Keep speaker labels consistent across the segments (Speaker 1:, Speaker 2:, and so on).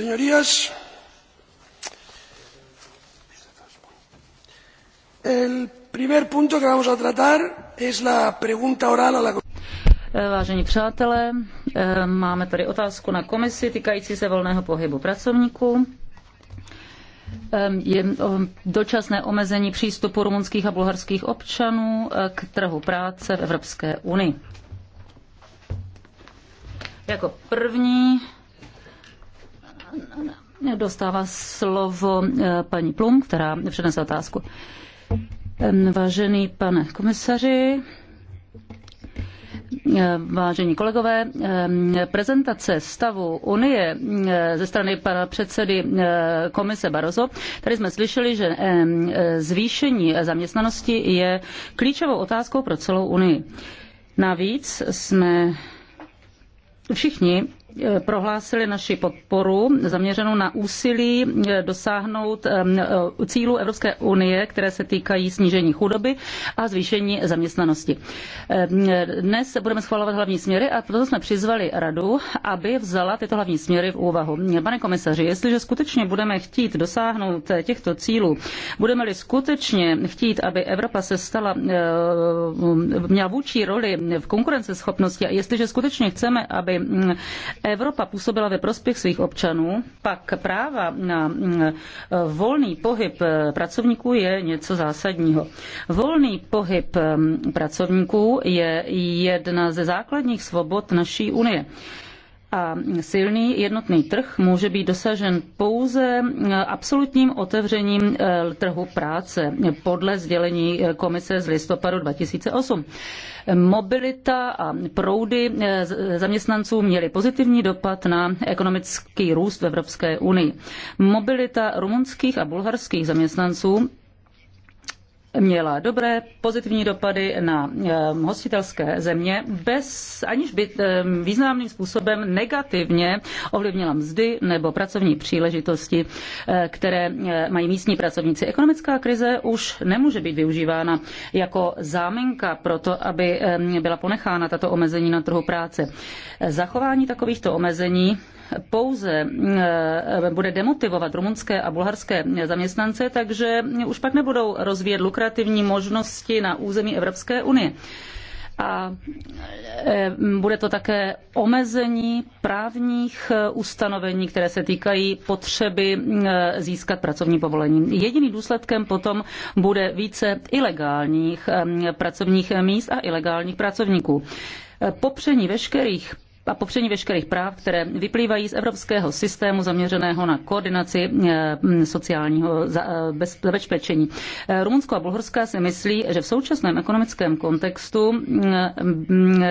Speaker 1: señorías el primer punto que vamos a tratar es la pregunta oral a la eh, Vážení přátelé, eh, máme tady otázku na komisi týkající se volného pohybu pracovníků. Je dočasné omezení přístupu rumunských a bulharských občanů eh, k trhu práce v Evropské unii. Jako první dostává slovo eh, paní Plum, která přednese otázku. Vážený pane komisaři, eh, Vážení kolegové, prezentace stavu Unie eh, ze strany pana předsedy komise Barroso. Tady jsme slyšeli, že zvýšení zaměstnanosti je klíčovou otázkou pro celou Unii. Navíc jsme všichni Eh, prohlásili naši podporu zaměřenou na úsilí eh, dosáhnout eh, cílů Evropské unie, které se týkají snížení chudoby a zvýšení zaměstnanosti. Dnes budeme schvalovat hlavní směry a proto jsme přizvali radu, aby vzala tyto hlavní směry v úvahu. Pane komisaři, jestliže skutečně budeme chtít dosáhnout těchto cílů, budeme-li skutečně chtít, aby Evropa se stala, měla vůči roli v konkurenceschopnosti a jestliže skutečně chceme, aby mm, Evropa působila ve prospěch svých občanů, pak práva na mm, volný pohyb eh, pracovníků je něco zásadního. Volný pohyb mm, pracovníků je jedna ze základních svobod naší unie a silný jednotný trh může být dosažen pouze e, absolutním otevřením e, trhu práce podle sdělení e, komise z listopadu 2008. Mobilita a proudy zaměstnanců měly pozitivní dopad na ekonomický růst v Evropské unii. Mobilita rumunských a bulharských zaměstnanců měla dobré pozitivní dopady na ehm, hostitelské země, bez, aniž by ehm, významným způsobem negativně ovlivnila mzdy nebo pracovní příležitosti, eh, které eh, mají místní pracovníci. Ekonomická krize už nemůže být využívána jako záminka pro to, aby ehm, byla ponechána tato omezení na trhu práce. Zachování takovýchto omezení pouze eh, bude demotivovat rumunské a bulharské zaměstnance, takže už pak nebudou rozvíjet lukrativní možnosti na území Evropské unie a eh, bude to také omezení právních eh, ustanovení, které se týkají potřeby získat pracovní povolení. Jediným důsledkem potom bude více ilegálních pracovních míst a ilegálních pracovníků. Popření veškerých a popření veškerých práv, které vyplývají z evropského systému zaměřeného na koordinaci eh, sociálního eh, zabezpečení. Eh, Rumunsko a Bulharska si myslí, že v současném ekonomickém kontextu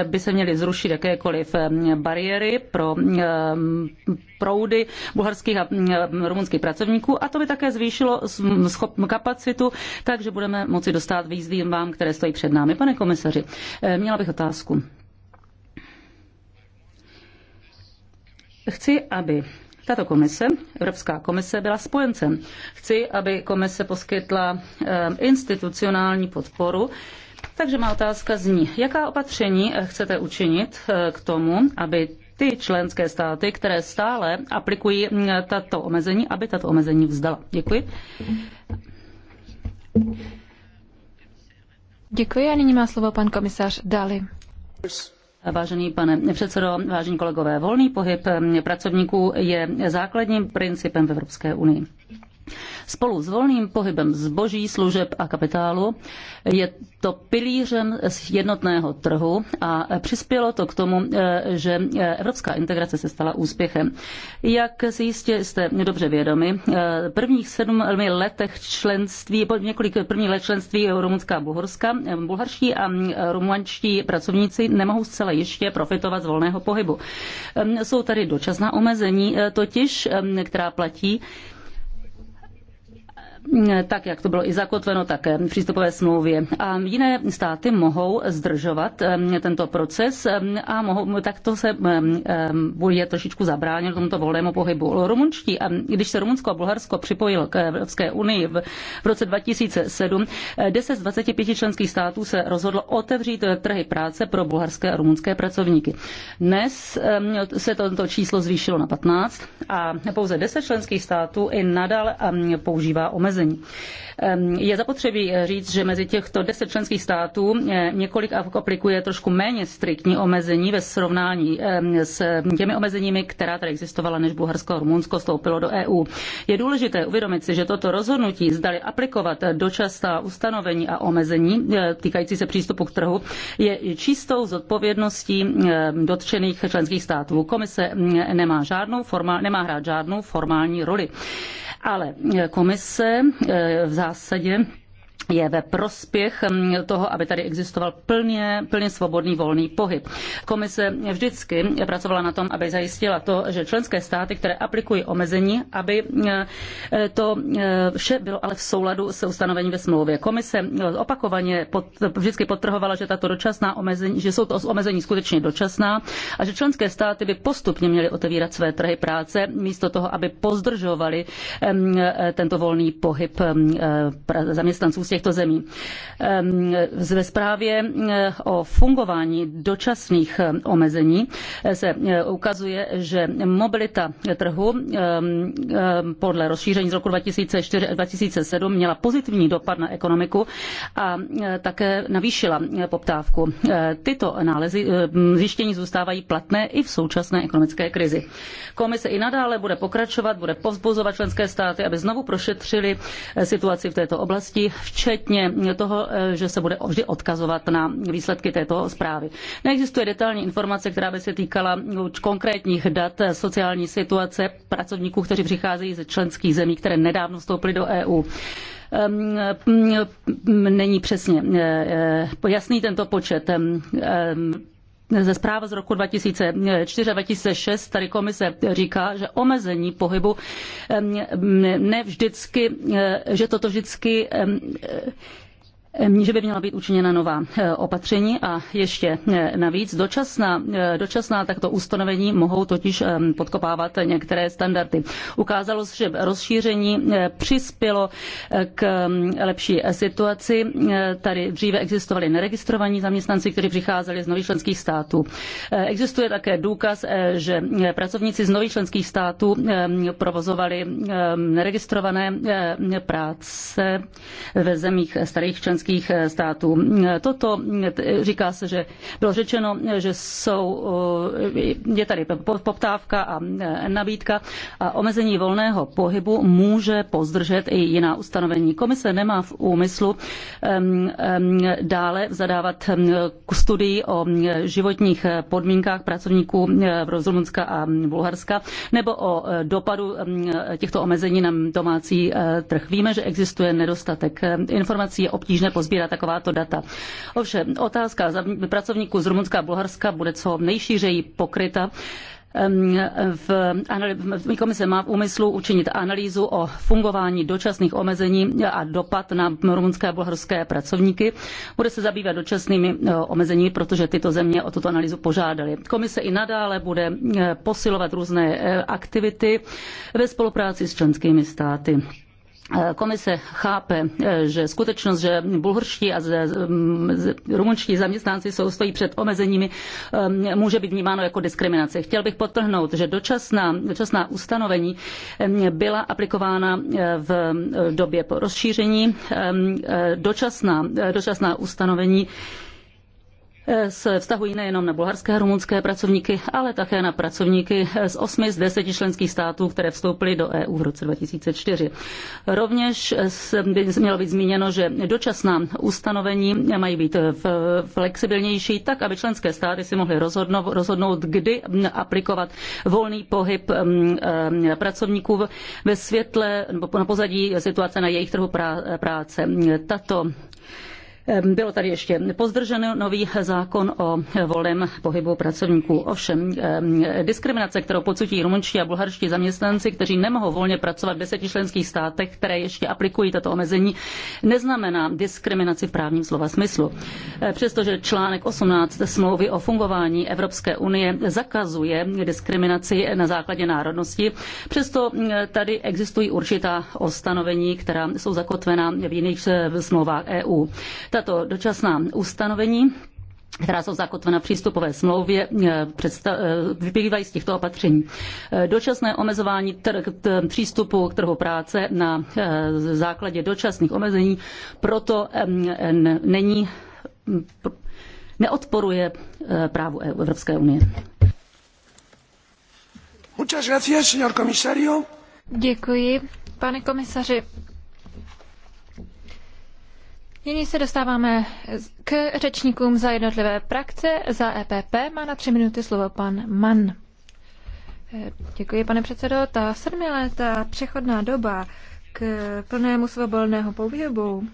Speaker 1: by se měly zrušit jakékoliv bariéry pro proudy bulharských a rumunských pracovníků a to by také zvýšilo kapacitu, takže budeme moci dostat vám, které stojí před námi. Pane komisaři, měla bych otázku. Chci, aby tato komise, Evropská komise, byla spojencem. Chci, aby komise poskytla eh, institucionální podporu. Takže má otázka zní, jaká opatření eh, chcete učinit eh, k tomu, aby ty členské státy, které stále aplikují mm, tato omezení, aby tato omezení vzdala. Děkuji.
Speaker 2: Děkuji a nyní má slovo pan komisař Dali.
Speaker 1: Vážený pane předsedo, vážení kolegové, volný pohyb pracovníků je základním principem v Evropské unii. Spolu s volným pohybem zboží, služeb a kapitálu je to pilířem jednotného trhu a přispělo to k tomu, eh, že eh, evropská integrace se stala úspěchem. Jak si jistě jste dobře vědomi, eh, prvních sedm letech členství, po několik prvních let členství Rumunská a Bulharska, bulharští a rumunští pracovníci nemohou zcela ještě profitovat z volného pohybu. Ehm, jsou tady dočasná omezení, totiž, ehm, která platí tak jak to bylo i zakotveno také v přístupové smlouvě. A jiné státy mohou zdržovat tento proces a mohou, tak to se bude trošičku zabránit tomuto volnému pohybu. Rumunští, a když se Rumunsko a Bulharsko připojilo k Evropské unii v roce 2007, 10 z 25 členských států se rozhodlo otevřít trhy práce pro bulharské a rumunské pracovníky. Dnes se toto číslo zvýšilo na 15 a pouze 10 členských států i nadal používá omezení omezení. Ehm, je zapotřebí eh, říct, že mezi těchto deset členských států eh, několik aplikuje trošku méně striktní omezení ve srovnání ehm, s těmi omezeními, která tady existovala, než Bulharsko a Rumunsko vstoupilo do EU. Je důležité uvědomit si, že toto rozhodnutí zdali aplikovat dočasná ustanovení a omezení eh, týkající se přístupu k trhu je čistou zodpovědností ehm, dotčených členských států. Komise mm, nemá, žádnou formál, nemá hrát žádnou formální roli. Ale eh, komise eh, v zásadě je ve prospěch mm, toho, aby tady existoval plně, plně svobodný volný pohyb. Komise vždycky pracovala na tom, aby zajistila to, že členské státy, které aplikují omezení, aby mm, to mm, vše bylo ale v souladu se ustanovením ve smlouvě. Komise opakovaně pod, vždycky potrhovala, že tato dočasná omezení, že jsou to omezení skutečně dočasná a že členské státy by postupně měly otevírat své trhy práce místo toho, aby pozdržovali tento volný pohyb zaměstnanců z těch těchto zemí. Ehm, ve zprávě eh, o fungování dočasných eh, omezení eh, se ukazuje, že mobilita trhu ehm, ehm, podle rozšíření z roku 2004 a 2007 měla pozitivní dopad na ekonomiku a také navýšila poptávku. Tyto nálezy zjištění zůstávají platné i v současné ekonomické krizi. Komise i nadále bude pokračovat, bude povzbuzovat členské státy, aby znovu prošetřili situaci v této oblasti, včetně včetně toho, eh, že se bude vždy odkazovat na výsledky této zprávy. Neexistuje detailní informace, která by se týkala konkrétních dat sociální situace pracovníků, kteří přicházejí ze členských zemí, které nedávno vstoupily do EU není přesně eh, eh, jasný tento počet ze zpráv z roku 2004 a 2006 tady komise říká, že omezení pohybu ne vždycky, že toto vždycky že by měla být učiněna nová eh, opatření a ještě eh, navíc dočasná, eh, dočasná takto ustanovení mohou totiž podkopávat některé standardy. Ukázalo se, že rozšíření přispělo k lepší situaci. Tady dříve existovali neregistrovaní zaměstnanci, kteří přicházeli z nových členských států. Existuje také důkaz, že pracovníci z nových členských států provozovali neregistrované práce ve zemích starých členských členských eh, států. Toto říká se, že bylo řečeno, že jsou, eh, je tady poptávka a eh, nabídka a omezení volného pohybu může pozdržet i jiná ustanovení. Komise nemá v úmyslu dále zadávat studii o životních podmínkách pracovníků v Rozumunska a Bulharska nebo o dopadu těchto omezení na domácí trh. Víme, že existuje nedostatek informací, je obtížné možné pozbírat takováto data. Ovšem, otázka pracovníků z Rumunska a Bulharska bude co nejšířeji pokryta v, komise má v úmyslu učinit analýzu o fungování dočasných omezení a dopad na rumunské a bulharské pracovníky. Bude se zabývat dočasnými e, omezeními, protože tyto země o tuto analýzu požádaly. Komise i nadále bude e, posilovat různé e, aktivity ve spolupráci s členskými státy. Eh, komise chápe, eh, že skutečnost, že bulhorští a rumunští zaměstnanci jsou stojí před omezeními, eh, může být vnímáno jako diskriminace. Chtěl bych podtrhnout, že dočasná, dočasná ustanovení byla aplikována v době po rozšíření. Dočasná, dočasná ustanovení Eh, se vztahují nejenom na bulharské a rumunské pracovníky, ale také na pracovníky z osmi z deseti členských států, které vstoupily do EU v roce 2004. Rovněž by mělo být zmíněno, že dočasná ustanovení mají být eh, flexibilnější, tak aby členské státy si mohly rozhodnout, kdy hm, aplikovat volný pohyb hm, eh, pracovníků ve světle nebo na pozadí situace na jejich trhu práce. Tato Ehm, bylo tady ještě pozdrženo nový zákon o volném pohybu pracovníků. Ovšem, ehm, diskriminace, kterou pocití rumunští a bulharští zaměstnanci, kteří nemohou volně pracovat v deseti členských státech, které ještě aplikují tato omezení, neznamená diskriminaci v právním slova smyslu. Ehm, přestože článek 18 smlouvy o fungování Evropské unie zakazuje diskriminaci na základě národnosti, přesto tady existují určitá ostanovení, která jsou zakotvená v jiných smlouvách EU. Tato dočasná ustanovení která jsou zakotvena v přístupové smlouvě, eh, eh, vyplývají z těchto opatření. Eh, dočasné omezování trh, přístupu k trhu práce na základě dočasných omezení proto není, neodporuje právu e Evropské unie.
Speaker 2: Děkuji, pane komisaři. Nyní se dostáváme k řečníkům za jednotlivé frakce. Za EPP má na tři minuty slovo pan Mann. Děkuji, pane předsedo. Ta sedmiletá přechodná doba k plnému svobodného pohybu,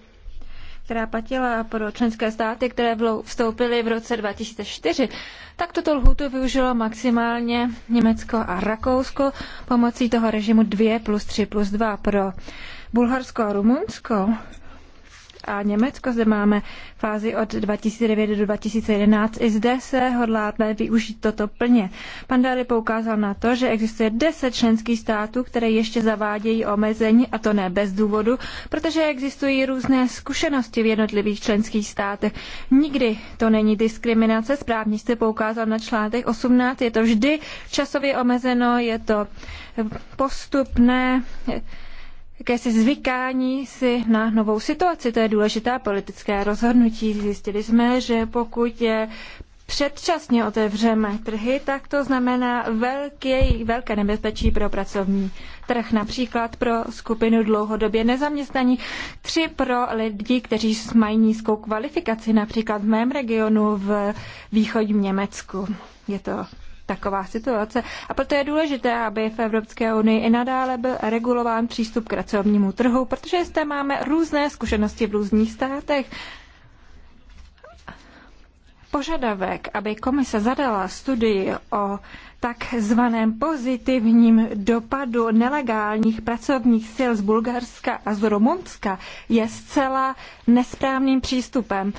Speaker 2: která platila pro členské státy, které vstoupily v roce 2004, tak toto lhůtu využilo maximálně Německo a Rakousko pomocí toho režimu 2 plus 3 plus 2 pro Bulharsko a Rumunsko a Německo. Zde máme fázi od 2009 do 2011. I zde se hodláme využít toto plně. Pan Dali poukázal na to, že existuje 10 členských států, které ještě zavádějí omezení, a to ne bez důvodu, protože existují různé zkušenosti v jednotlivých členských státech. Nikdy to není diskriminace. Správně jste poukázal na článek 18. Je to vždy časově omezeno, je to postupné jakési zvykání si na novou situaci. To je důležité politické rozhodnutí. Zjistili jsme, že pokud je předčasně otevřeme trhy, tak to znamená velké, velké nebezpečí pro pracovní trh, například pro skupinu dlouhodobě nezaměstnaní, tři pro lidi, kteří mají nízkou kvalifikaci, například v mém regionu v východním Německu. Je to taková situace. A proto je důležité, aby v Evropské unii i nadále byl regulován přístup k pracovnímu trhu, protože zde máme různé zkušenosti v různých státech. Požadavek, aby komise zadala studii o takzvaném pozitivním dopadu nelegálních pracovních sil z Bulgarska a z Rumunska, je zcela nesprávným přístupem.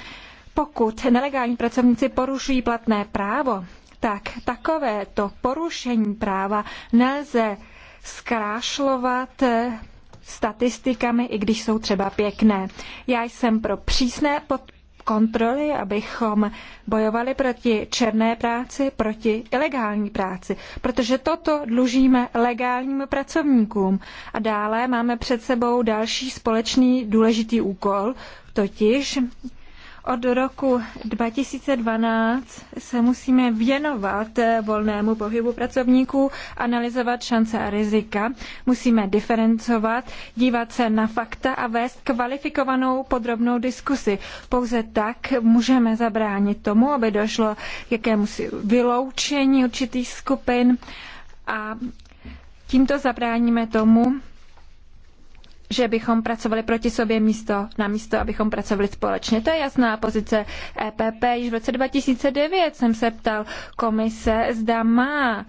Speaker 2: Pokud nelegální pracovníci porušují platné právo, tak takovéto porušení práva nelze zkrášlovat eh, statistikami, i když jsou třeba pěkné. Já jsem pro přísné pod kontroly, abychom bojovali proti černé práci, proti ilegální práci, protože toto dlužíme legálním pracovníkům. A dále máme před sebou další společný důležitý úkol, totiž od roku 2012 se musíme věnovat volnému pohybu pracovníků, analyzovat šance a rizika. Musíme diferencovat, dívat se na fakta a vést kvalifikovanou podrobnou diskusi. Pouze tak můžeme zabránit tomu, aby došlo k jakému vyloučení určitých skupin a tímto zabráníme tomu, že bychom pracovali proti sobě místo na místo, abychom pracovali společně. To je jasná pozice EPP. Již v roce 2009 jsem se ptal komise, zda má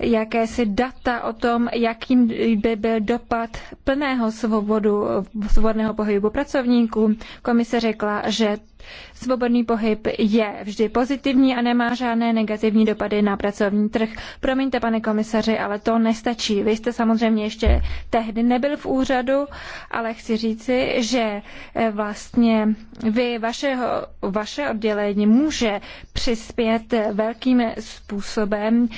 Speaker 2: jakési data o tom, jakým by byl dopad plného svobodu, svobodného pohybu pracovníků. Komise řekla, že Svobodný pohyb je vždy pozitivní a nemá žádné negativní dopady na pracovní trh. Promiňte, pane komisaři, ale to nestačí. Vy jste samozřejmě ještě tehdy nebyl v úřadu, ale chci říci, že eh, vlastně vy, vašeho, vaše oddělení může přispět velkým způsobem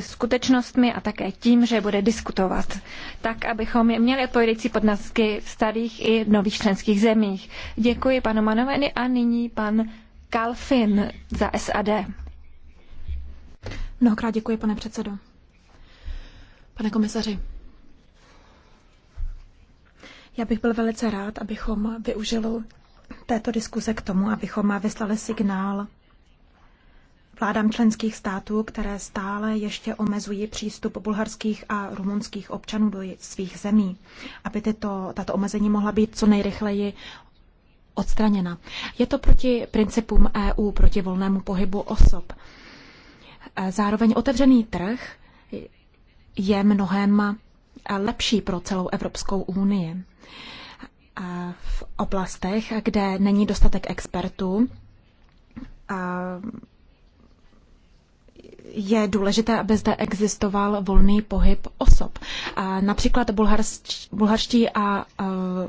Speaker 2: skutečnostmi a také tím, že bude diskutovat. Tak, abychom měli odpovídající podnazky v starých i nových členských zemích. Děkuji panu Manovi Děkuji a nyní pan Kalfin za SAD.
Speaker 3: Mnohokrát děkuji, pane předsedo. Pane komisaři, já bych byl velice rád, abychom využili této diskuze k tomu, abychom vyslali signál vládám členských států, které stále ještě omezují přístup bulharských a rumunských občanů do svých zemí, aby tyto, tato omezení mohla být co nejrychleji odstraněna. Je to proti principům EU, proti volnému pohybu osob. E, zároveň otevřený trh je mnohem lepší pro celou Evropskou unii. E, v oblastech, kde není dostatek expertů, e, je důležité, aby zde existoval volný pohyb osob. Například bulharští a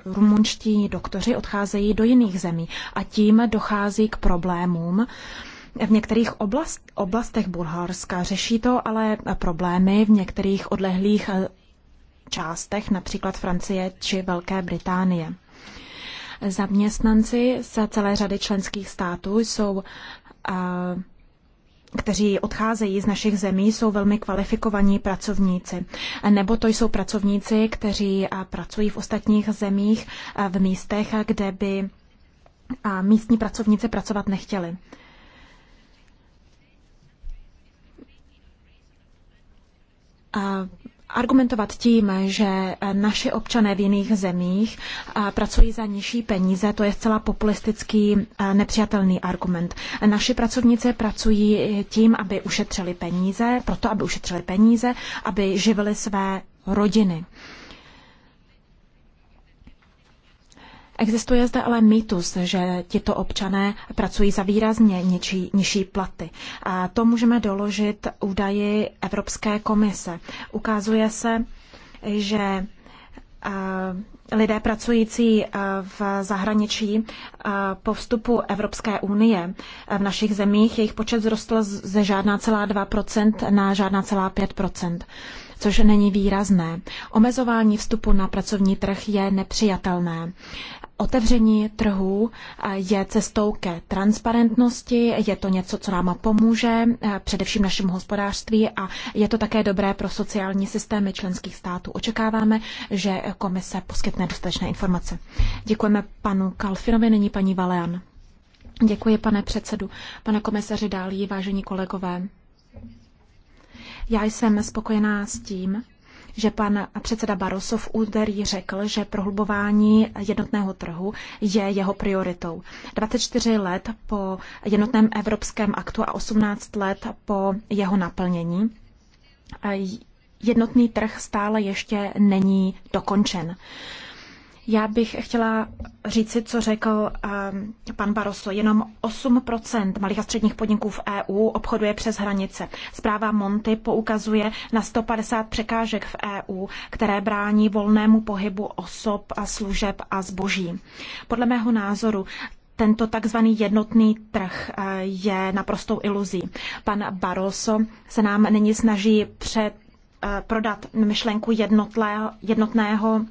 Speaker 3: rumunští doktoři odcházejí do jiných zemí a tím dochází k problémům. V některých oblast, oblastech Bulharska řeší to ale problémy v některých odlehlých e, částech, například Francie či Velké Británie. Zaměstnanci z celé řady členských států jsou kteří odcházejí z našich zemí, jsou velmi kvalifikovaní pracovníci. Nebo to jsou pracovníci, kteří pracují v ostatních zemích, v místech, kde by místní pracovníci pracovat nechtěli argumentovat tím, že naše občané v jiných zemích pracují za nižší peníze, to je zcela populistický nepřijatelný argument. Naši pracovnice pracují tím, aby ušetřili peníze, proto aby ušetřili peníze, aby živili své rodiny. Existuje zde ale mýtus, že tito občané pracují za výrazně nižší, nižší platy. A to můžeme doložit údaji Evropské komise. Ukazuje se, že lidé pracující v zahraničí po vstupu Evropské unie v našich zemích, jejich počet vzrostl ze žádná celá 2% na žádná celá 5%, což není výrazné. Omezování vstupu na pracovní trh je nepřijatelné. Otevření trhů je cestou ke transparentnosti, je to něco, co nám pomůže, eh, především našemu hospodářství a je to také dobré pro sociální systémy členských států. Očekáváme, že komise poskytne dostatečné informace. Děkujeme panu Kalfinovi, nyní paní Valean. Děkuji, pane předsedu. Pane komisaři Dálí, vážení kolegové. Já jsem spokojená s tím, že pan předseda Barroso v úterý řekl, že prohlubování jednotného trhu je jeho prioritou. 24 let po jednotném evropském aktu a 18 let po jeho naplnění jednotný trh stále ještě není dokončen. Já bych chtěla říci, co řekl um, pan Barroso. Jenom 8% malých a středních podniků v EU obchoduje přes hranice. Zpráva Monty poukazuje na 150 překážek v EU, které brání volnému pohybu osob a služeb a zboží. Podle mého názoru tento takzvaný jednotný trh eh, je naprostou iluzí. Pan Barroso se nám nyní snaží před, eh, prodat myšlenku jednotlé, jednotného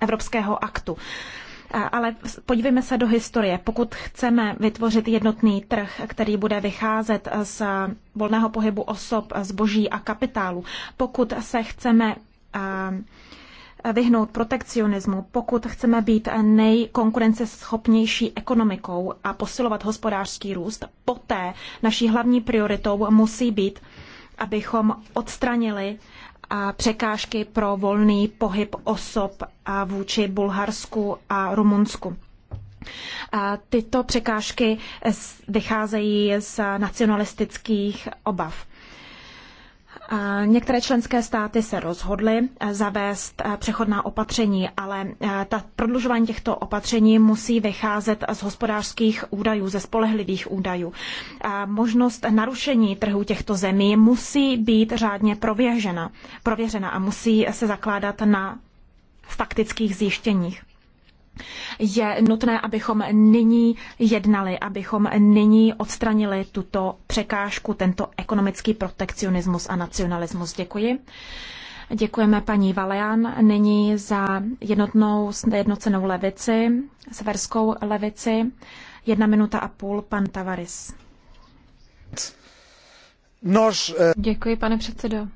Speaker 3: Evropského aktu. Ale podívejme se do historie. Pokud chceme vytvořit jednotný trh, který bude vycházet z volného pohybu osob, zboží a kapitálu, pokud se chceme vyhnout protekcionismu, pokud chceme být nejkonkurenceschopnější ekonomikou a posilovat hospodářský růst, poté naší hlavní prioritou musí být, abychom odstranili a překážky pro volný pohyb osob vůči Bulharsku a Rumunsku. A tyto překážky vycházejí z nacionalistických obav. Některé členské státy se rozhodly eh, zavést eh, přechodná opatření, ale eh, ta prodlužování těchto opatření musí vycházet z hospodářských údajů, ze spolehlivých údajů. Možnost narušení trhu těchto zemí musí být řádně prověřena, prověřena a musí se zakládat na faktických zjištěních je nutné, abychom nyní jednali, abychom nyní odstranili tuto překážku, tento ekonomický protekcionismus a nacionalismus. Děkuji. Děkujeme paní Valean nyní za jednotnou, jednocenou levici, severskou levici. Jedna minuta a půl, pan Tavaris.
Speaker 2: Nož, eh...
Speaker 3: Děkuji, pane předsedo.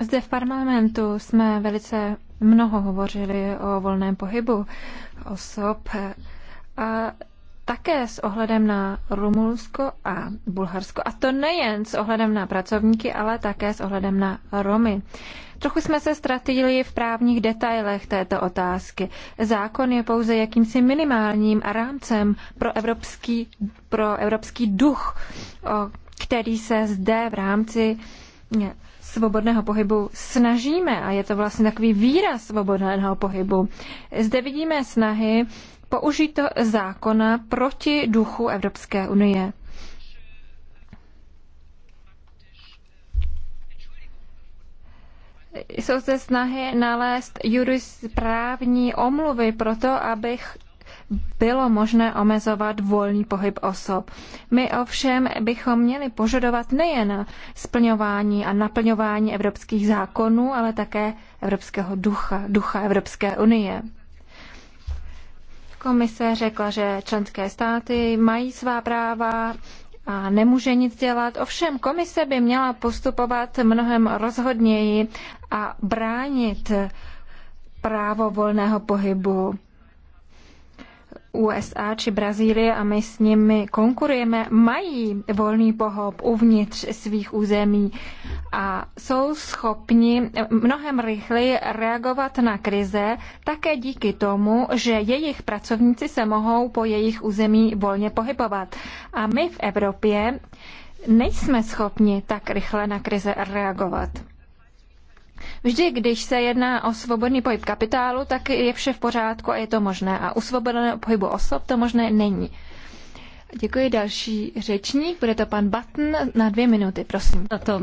Speaker 2: Zde v parlamentu jsme velice mnoho hovořili o volném pohybu osob a také s ohledem na Rumunsko a Bulharsko. A to nejen s ohledem na pracovníky, ale také s ohledem na Romy. Trochu jsme se ztratili v právních detailech této otázky. Zákon je pouze jakýmsi minimálním rámcem pro evropský, pro evropský duch, který se zde v rámci Eh, svobodného pohybu snažíme a je to vlastně takový výraz svobodného pohybu. Zde vidíme snahy použít to zákona proti duchu Evropské unie. Jsou zde snahy nalézt jurisprávní omluvy pro to, abych bylo možné omezovat volný pohyb osob. My ovšem bychom měli požadovat nejen splňování a naplňování evropských zákonů, ale také evropského ducha, ducha Evropské unie. Komise řekla, že členské státy mají svá práva, a nemůže nic dělat. Ovšem komise by měla postupovat mnohem rozhodněji a bránit právo volného pohybu. USA či Brazílie a my s nimi konkurujeme, mají volný pohyb uvnitř svých území a jsou schopni mnohem rychleji reagovat na krize také díky tomu, že jejich pracovníci se mohou po jejich území volně pohybovat. A my v Evropě nejsme schopni tak rychle na krize reagovat. Vždy, když se jedná o svobodný pohyb kapitálu, tak je vše v pořádku a je to možné. A u svobodného pohybu
Speaker 1: osob to možné není. Děkuji. Další řečník, bude to pan Button na dvě minuty, prosím. Tato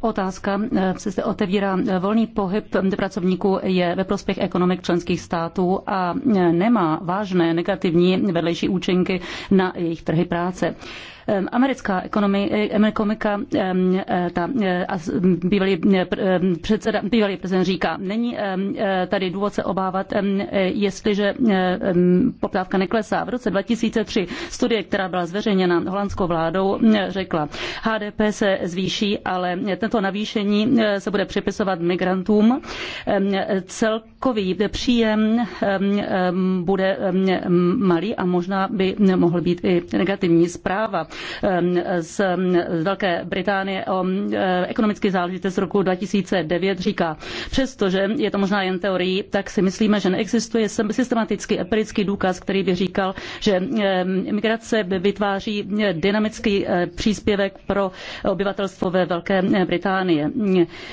Speaker 1: otázka eh, se zde otevírá. Eh, volný pohyb eh, pracovníků je ve prospěch ekonomik členských států a nemá vážné negativní vedlejší účinky na jejich trhy práce. Americká ekonomika, ta, a bývalý, předseda, bývalý prezident říká, není eh, tady důvod se obávat, eh, jestliže eh, poptávka neklesá. V roce 2003 studie, která byla zveřejněna holandskou vládou, řekla, HDP se zvýší, ale tento navýšení se bude připisovat migrantům. Cel takový příjem bude malý a možná by mohl být i negativní zpráva z Velké Británie o ekonomické záležitosti z roku 2009 říká, přestože je to možná jen teorií, tak si myslíme, že neexistuje systematický empirický důkaz, který by říkal, že migrace vytváří dynamický eh, příspěvek pro obyvatelstvo ve Velké Británie.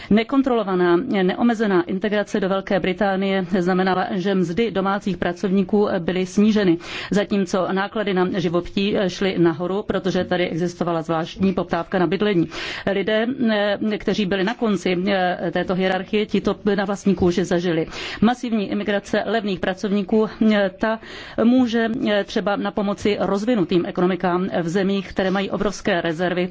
Speaker 1: Nekontrolovaná, neomezená integrace do Velké Británie Británie znamenala, že mzdy domácích pracovníků byly sníženy, zatímco náklady na živobytí šly nahoru, protože tady existovala zvláštní poptávka na bydlení. Lidé, eh, kteří byli na konci eh, této hierarchie, ti to na vlastní kůži zažili. Masivní imigrace levných pracovníků, eh, ta může třeba na pomoci rozvinutým ekonomikám v zemích, které mají obrovské rezervy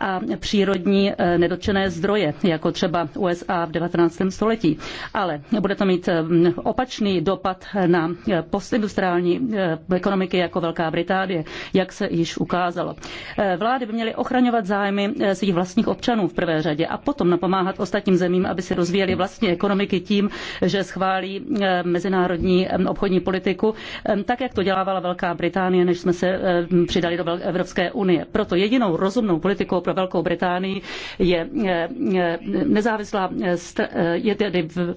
Speaker 1: a přírodní eh, nedotčené zdroje, jako třeba USA v 19. století. Ale bude to mít eh, opačný dopad na eh, postindustriální ekonomiky jako Velká Británie, jak se již ukázalo. Vlády by měly ochraňovat zájmy svých vlastních občanů v prvé řadě a potom napomáhat ostatním zemím, aby si rozvíjeli vlastní ekonomiky tím, že schválí mezinárodní obchodní politiku, tak jak to dělávala Velká Británie, než jsme se přidali do Evropské unie. Proto jedinou rozumnou politikou pro Velkou Británii je nezávislá, je tedy v,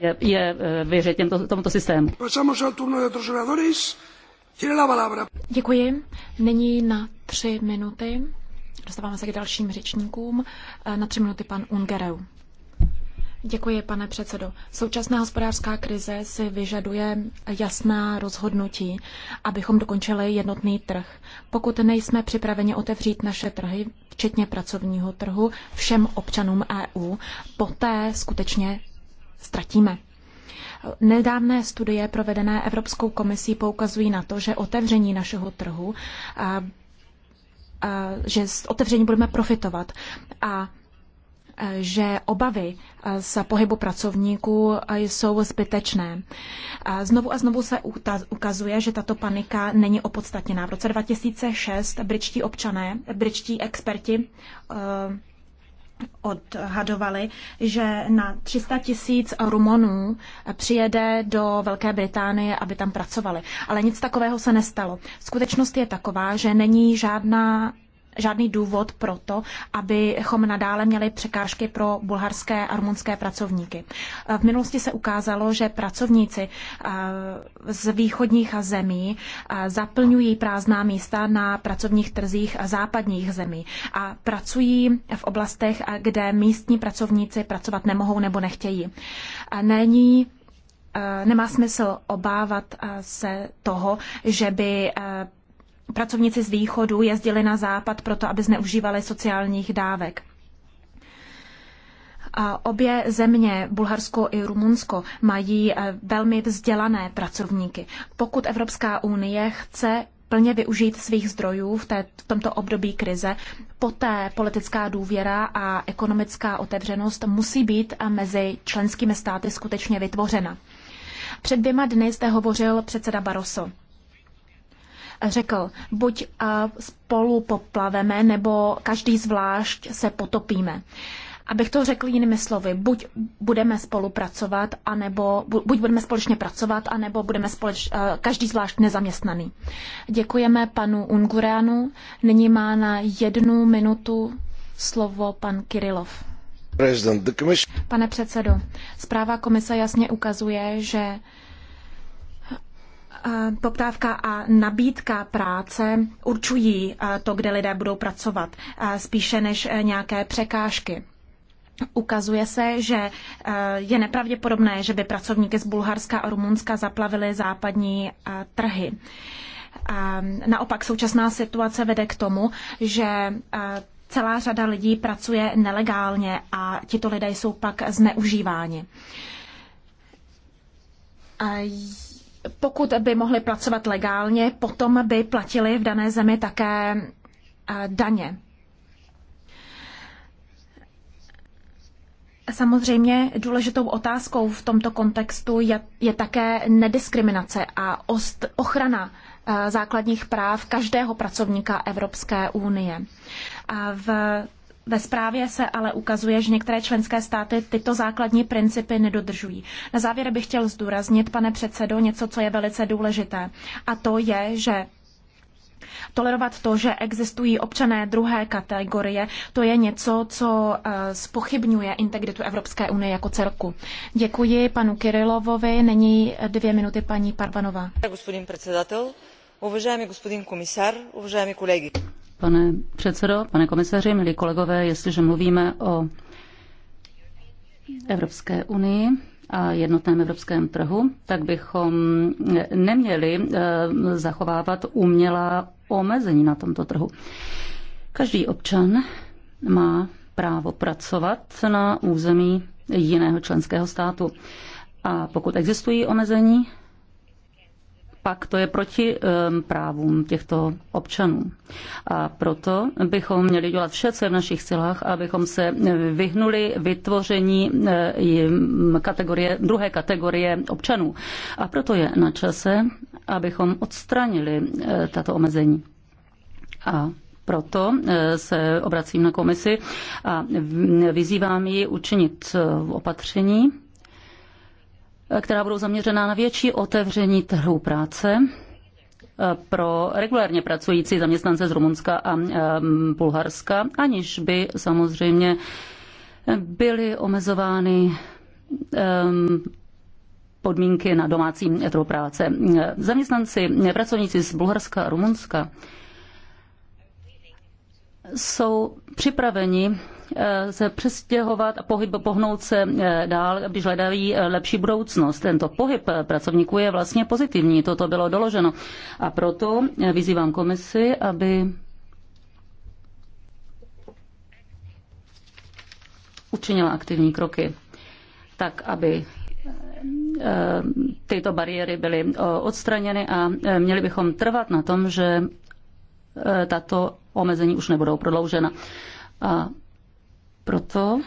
Speaker 1: je, je eh, věřit těmto, tomuto systému.
Speaker 3: Děkuji. Nyní na tři minuty. Dostáváme se k dalším řečníkům. Eh, na tři minuty pan Ungereu. Děkuji, pane předsedo. Současná hospodářská krize si vyžaduje jasná rozhodnutí, abychom dokončili jednotný trh. Pokud nejsme připraveni otevřít naše trhy, včetně pracovního trhu, všem občanům EU, poté skutečně ztratíme. Nedávné studie provedené Evropskou komisí poukazují na to, že otevření našeho trhu, a, a, že z otevření budeme profitovat a že obavy eh, z pohybu pracovníků eh, jsou zbytečné. Znovu a znovu se ukazuje, že tato panika není opodstatněná. V roce 2006 britští občané, britští experti eh, odhadovali, že na 300 tisíc Rumunů přijede do Velké Británie, aby tam pracovali. Ale nic takového se nestalo. Skutečnost je taková, že není žádná žádný důvod pro to, abychom nadále měli překážky pro bulharské a rumunské pracovníky. V minulosti se ukázalo, že pracovníci eh, z východních zemí eh, zaplňují prázdná místa na pracovních trzích západních zemí a pracují v oblastech, eh, kde místní pracovníci pracovat nemohou nebo nechtějí. Není nemá smysl obávat se toho, že by pracovníci z východu jezdili na západ proto, aby zneužívali sociálních dávek. A obě země, Bulharsko i Rumunsko, mají eh, velmi vzdělané pracovníky. Pokud Evropská unie chce plně využít svých zdrojů v, té, v tomto období krize, poté politická důvěra a ekonomická otevřenost musí být mezi členskými státy skutečně vytvořena. Před dvěma dny zde hovořil předseda Barroso řekl, buď spolu poplaveme, nebo každý zvlášť se potopíme. Abych to řekl jinými slovy, buď budeme spolupracovat, anebo, buď budeme společně pracovat, anebo budeme společ, každý zvlášť nezaměstnaný. Děkujeme panu Ungureanu. Nyní má na jednu minutu slovo pan Kirilov. Pane předsedo, zpráva komise jasně ukazuje, že poptávka a nabídka práce určují eh, to, kde lidé budou pracovat, eh, spíše než eh, nějaké překážky. Ukazuje se, že je nepravděpodobné, že by pracovníky z Bulharska a Rumunska zaplavily západní trhy. Naopak současná situace vede k tomu, že celá řada lidí pracuje nelegálně a tito lidé jsou pak zneužíváni pokud by mohli pracovat legálně, potom by platili v dané zemi také eh, daně. Samozřejmě důležitou otázkou v tomto kontextu je, je také nediskriminace a ost, ochrana eh, základních práv každého pracovníka Evropské unie. A v ve zprávě se ale ukazuje, že některé členské státy tyto základní principy nedodržují. Na závěr bych chtěl zdůraznit, pane předsedo, něco, co je velice důležité. A to je, že Tolerovat to, že existují občané druhé kategorie, to je něco, co eh, spochybňuje integritu Evropské unie jako celku. Děkuji panu Kirilovovi, není dvě minuty paní
Speaker 1: Parvanová.
Speaker 2: Gospodin předsedatel, uvažujeme gospodin komisar, uvažujeme kolegy.
Speaker 1: Pane předsedo, pane komisaři, milí kolegové, jestliže mluvíme o Evropské unii a jednotném evropském trhu, tak bychom neměli eh, zachovávat umělá omezení na tomto trhu. Každý občan má právo pracovat na území jiného členského státu. A pokud existují omezení, pak to je proti ehm, právům těchto občanů. A proto bychom měli dělat vše, co je v našich silách, abychom se vyhnuli vytvoření eh, kategorie, druhé kategorie občanů. A proto je na čase, abychom odstranili eh, tato omezení. A proto eh, se obracím na komisi a vyzývám ji učinit opatření, která budou zaměřená na větší otevření trhu práce eh, pro regulárně pracující zaměstnance z Rumunska a eh, Bulharska, aniž by samozřejmě byly omezovány eh, podmínky na domácí trhu práce. Zaměstnanci, pracovníci z Bulharska a Rumunska jsou připraveni Eh, se přestěhovat a pohyb, pohnout se eh, dál, když hledají eh, lepší budoucnost. Tento pohyb pracovníků je vlastně pozitivní, toto bylo doloženo. A proto vyzývám komisi, aby učinila aktivní kroky, tak aby tyto bariéry byly odstraněny a měli bychom trvat na tom, že tato omezení už nebudou prodloužena. A proto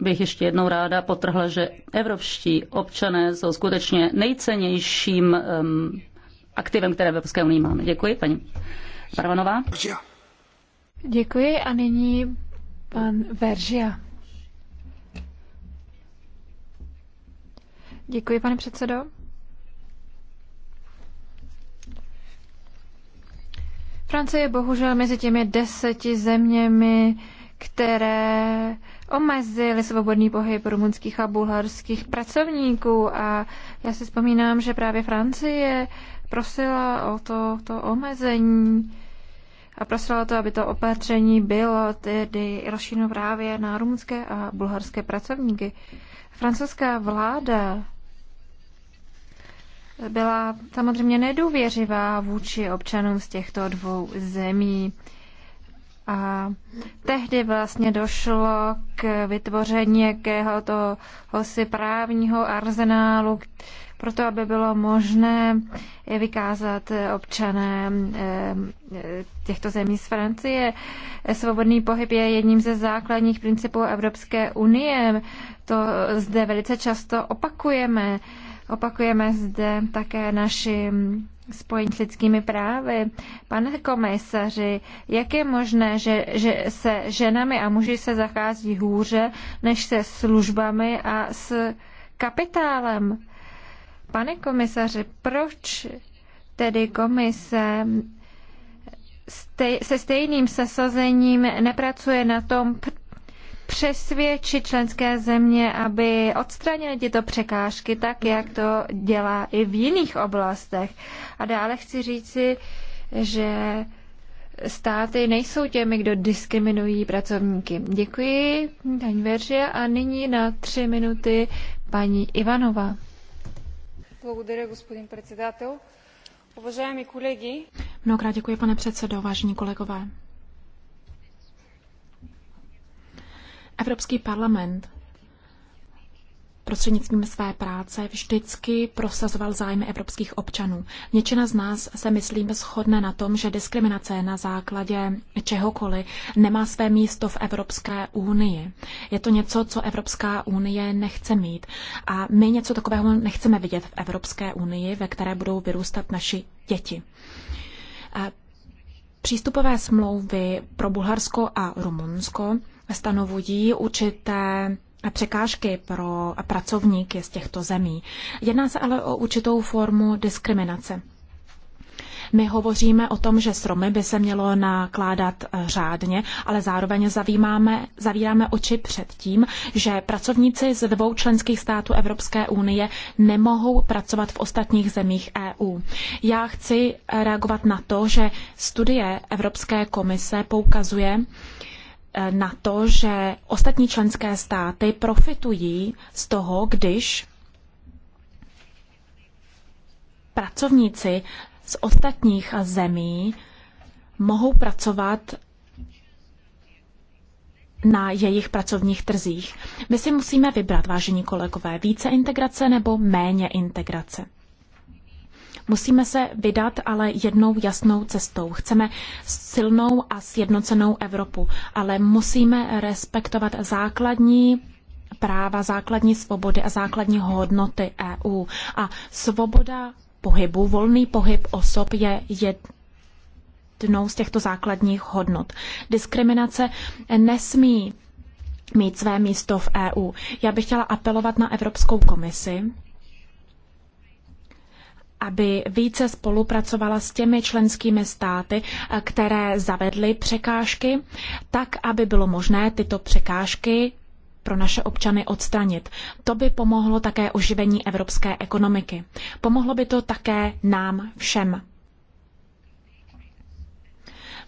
Speaker 1: bych ještě jednou ráda potrhla, že evropští občané jsou skutečně nejcennějším um, aktivem, které v Evropské unii máme. Děkuji, paní Parvanová.
Speaker 2: Děkuji a nyní pan Veržia. Děkuji, pane předsedo. Francie je bohužel mezi těmi deseti zeměmi, které omezily svobodný pohyb rumunských a bulharských pracovníků. A já si vzpomínám, že právě Francie prosila o to, to omezení a prosila o to, aby to opatření bylo tedy rozšířeno právě na rumunské a bulharské pracovníky. Francouzská vláda byla samozřejmě nedůvěřivá vůči občanům z těchto dvou zemí. A tehdy vlastně došlo k vytvoření jakého toho si právního arzenálu, proto aby bylo možné vykázat občané eh, těchto zemí z Francie. Svobodný pohyb je jedním ze základních principů Evropské unie. To zde velice často opakujeme. Opakujeme zde také naši spojení s lidskými právy. Pane komisaři, jak je možné, že, že se ženami a muži se zachází hůře než se službami a s kapitálem? Pane komisaři, proč tedy komise se stejným sesazením nepracuje na tom přesvědčit členské země, aby odstranili tyto překážky tak, jak to dělá i v jiných oblastech. A dále chci říci, že státy nejsou těmi, kdo diskriminují pracovníky. Děkuji, paní Veře, a nyní na tři minuty paní Ivanova. Благодаря, господин председател. Уважаеми колеги.
Speaker 3: Mnohokrát děkuji, pane předsedo, vážení kolegové. Evropský parlament prostřednictvím své práce vždycky prosazoval zájmy evropských občanů. Něčina z nás se, myslím, shodne na tom, že diskriminace na základě čehokoliv nemá své místo v Evropské unii. Je to něco, co Evropská unie nechce mít. A my něco takového nechceme vidět v Evropské unii, ve které budou vyrůstat naši děti. Přístupové smlouvy pro Bulharsko a Rumunsko stanovují určité překážky pro pracovníky z těchto zemí. Jedná se ale o určitou formu diskriminace. My hovoříme o tom, že s Romy by se mělo nakládat eh, řádně, ale zároveň zavímáme, zavíráme oči před tím, že pracovníci z dvou členských států Evropské unie nemohou pracovat v ostatních zemích EU. Já chci reagovat na to, že studie Evropské komise poukazuje Eh, na to, že ostatní členské státy profitují z toho, když pracovníci z ostatních zemí mohou pracovat na jejich pracovních trzích. My si musíme vybrat, vážení kolegové, více integrace nebo méně integrace. Musíme se vydat ale jednou jasnou cestou. Chceme silnou a sjednocenou Evropu, ale musíme respektovat základní práva, základní svobody a základní hodnoty EU. A svoboda pohybu, volný pohyb osob je jednou z těchto základních hodnot. Diskriminace nesmí mít své místo v EU. Já bych chtěla apelovat na Evropskou komisi, aby více spolupracovala s těmi členskými státy, eh, které zavedly překážky, tak, aby bylo možné tyto překážky pro naše občany odstranit. To by pomohlo také oživení evropské ekonomiky. Pomohlo by to také nám všem.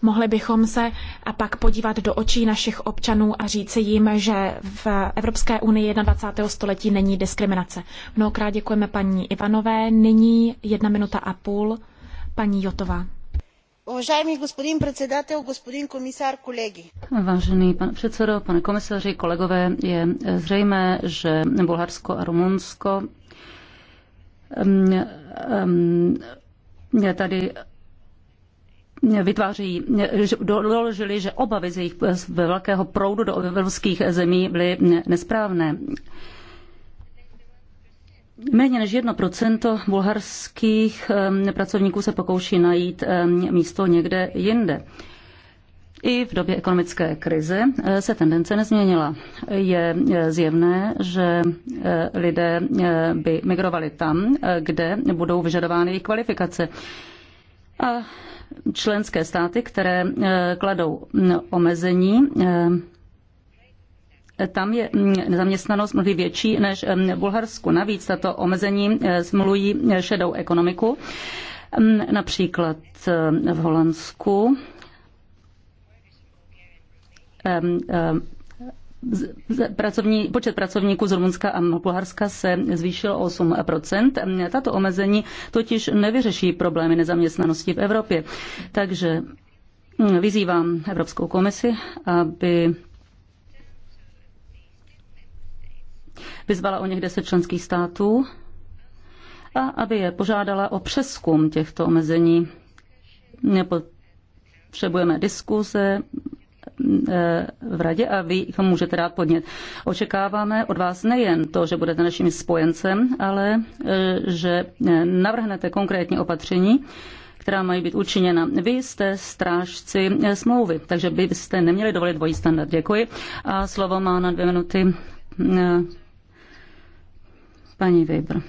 Speaker 3: Mohli bychom se a pak podívat do očí našich občanů a říci jim, že v Evropské unii 21. století není diskriminace. Mnohokrát děkujeme paní Ivanové. Nyní jedna minuta a půl paní Jotová. Уважаеми
Speaker 2: господин председател,
Speaker 1: Vážený pane předsedo, pane komisaři, kolegové, je zřejmé, že Bulharsko a Rumunsko um, um, tady vytvářejí, doložili, že obavy z jejich velkého proudu do evropských zemí byly nesprávné. Méně než 1% bulharských pracovníků se pokouší najít místo někde jinde. I v době ekonomické krize eh, se tendence nezměnila. Je eh, zjevné, že eh, lidé by migrovali tam, kde budou vyžadovány jejich kvalifikace. A členské státy, které eh, kladou mm, omezení, eh, tam je mm, zaměstnanost mnohdy větší než mm, v Bulharsku. Navíc tato omezení eh, smlují šedou ekonomiku. Například v Holandsku pracovní, počet pracovníků z Rumunska a Bulharska se zvýšil o 8 Tato omezení totiž nevyřeší problémy nezaměstnanosti v Evropě. Takže vyzývám Evropskou komisi, aby vyzvala o něch 10 členských států a aby je požádala o přeskum těchto omezení. Potřebujeme diskuze, v radě a vy můžete dát podnět. Očekáváme od vás nejen to, že budete naším spojencem, ale eh, že eh, navrhnete konkrétní opatření, která mají být učiněna. Vy jste strážci eh, smlouvy, takže byste neměli dovolit dvojí standard. Děkuji. A slovo má na dvě minuty paní Weber.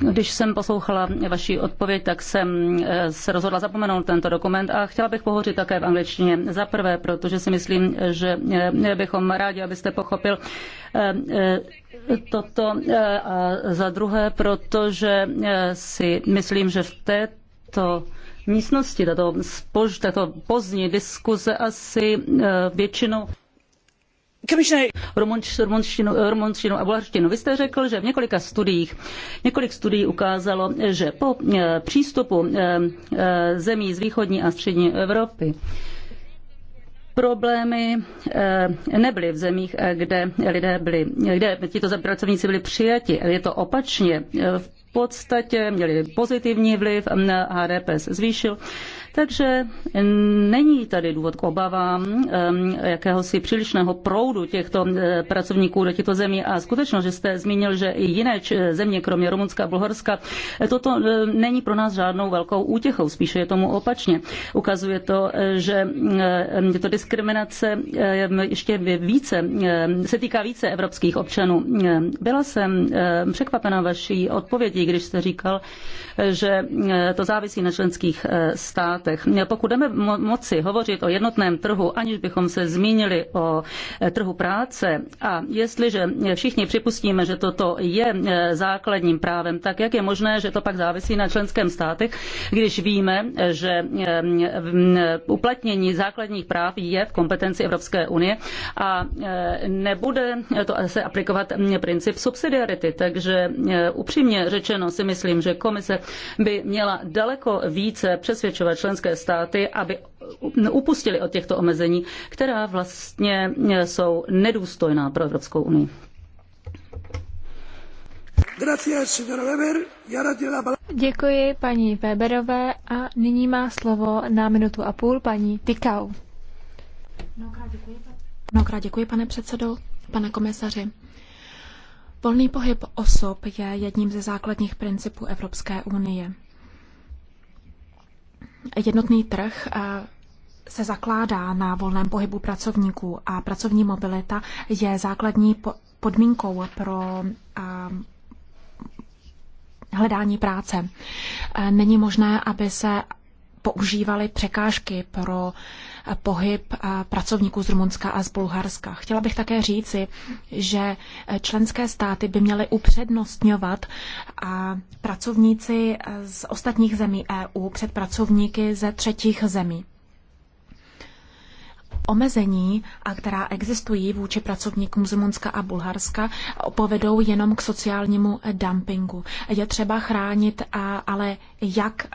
Speaker 1: No, když jsem poslouchala vaši odpověď, tak jsem eh, se rozhodla zapomenout tento dokument a chtěla bych pohořit také v angličtině. Za prvé, protože si myslím, že eh, bychom rádi, abyste pochopil eh, toto a za druhé, protože si myslím, že v této místnosti, tato, spož, tato pozdní diskuze asi většinou rumunštinu, a bulharštinu. Vy jste řekl, že v několika studiích, několik studií ukázalo, že po eh, přístupu eh, eh, zemí z východní a střední Evropy problémy nebyly v zemích, kde lidé byli, kde tito pracovníci byli přijati. Je to opačně. V podstatě měli pozitivní vliv, HDP se zvýšil takže není tady důvod k obavám jakéhosi přílišného proudu těchto eh, pracovníků do těchto zemí. A skutečnost, že jste zmínil, že i jiné eh, země, kromě Rumunska a Bulharska, eh, toto není pro nás žádnou velkou útěchou, spíše je tomu opačně. Ukazuje to, že je to diskriminace ještě více, se týká více evropských občanů. Byla jsem překvapena vaší odpovědí, když jste říkal, že to závisí na členských státech státech. Pokud jdeme moci hovořit o jednotném trhu, aniž bychom se zmínili o eh, trhu práce a jestliže všichni připustíme, že toto je eh, základním právem, tak jak je možné, že to pak závisí na členském státech, když víme, že eh, uplatnění základních práv je v kompetenci Evropské unie a nebude to se aplikovat princip subsidiarity. Takže upřímně řečeno si myslím, že komise by měla daleko více přesvědčovat členské členské státy, aby upustili od těchto omezení, která vlastně jsou nedůstojná pro Evropskou unii.
Speaker 2: Děkuji paní Weberové a nyní má slovo na minutu a půl paní Tikau.
Speaker 3: děkuji, mnohokrát děkuji, pane předsedo, pane komisaři. Volný pohyb osob je jedním ze základních principů Evropské unie jednotný trh eh, se zakládá na volném pohybu pracovníků a pracovní mobilita je základní podmínkou pro eh, hledání práce. Eh, není možné, aby se používaly překážky pro pohyb pracovníků z Rumunska a z Bulharska. Chtěla bych také říci, že členské státy by měly upřednostňovat a pracovníci z ostatních zemí EU před pracovníky ze třetích zemí omezení, a která existují vůči pracovníkům z Rumunska a Bulharska, povedou jenom k sociálnímu dumpingu. Je třeba chránit ale jak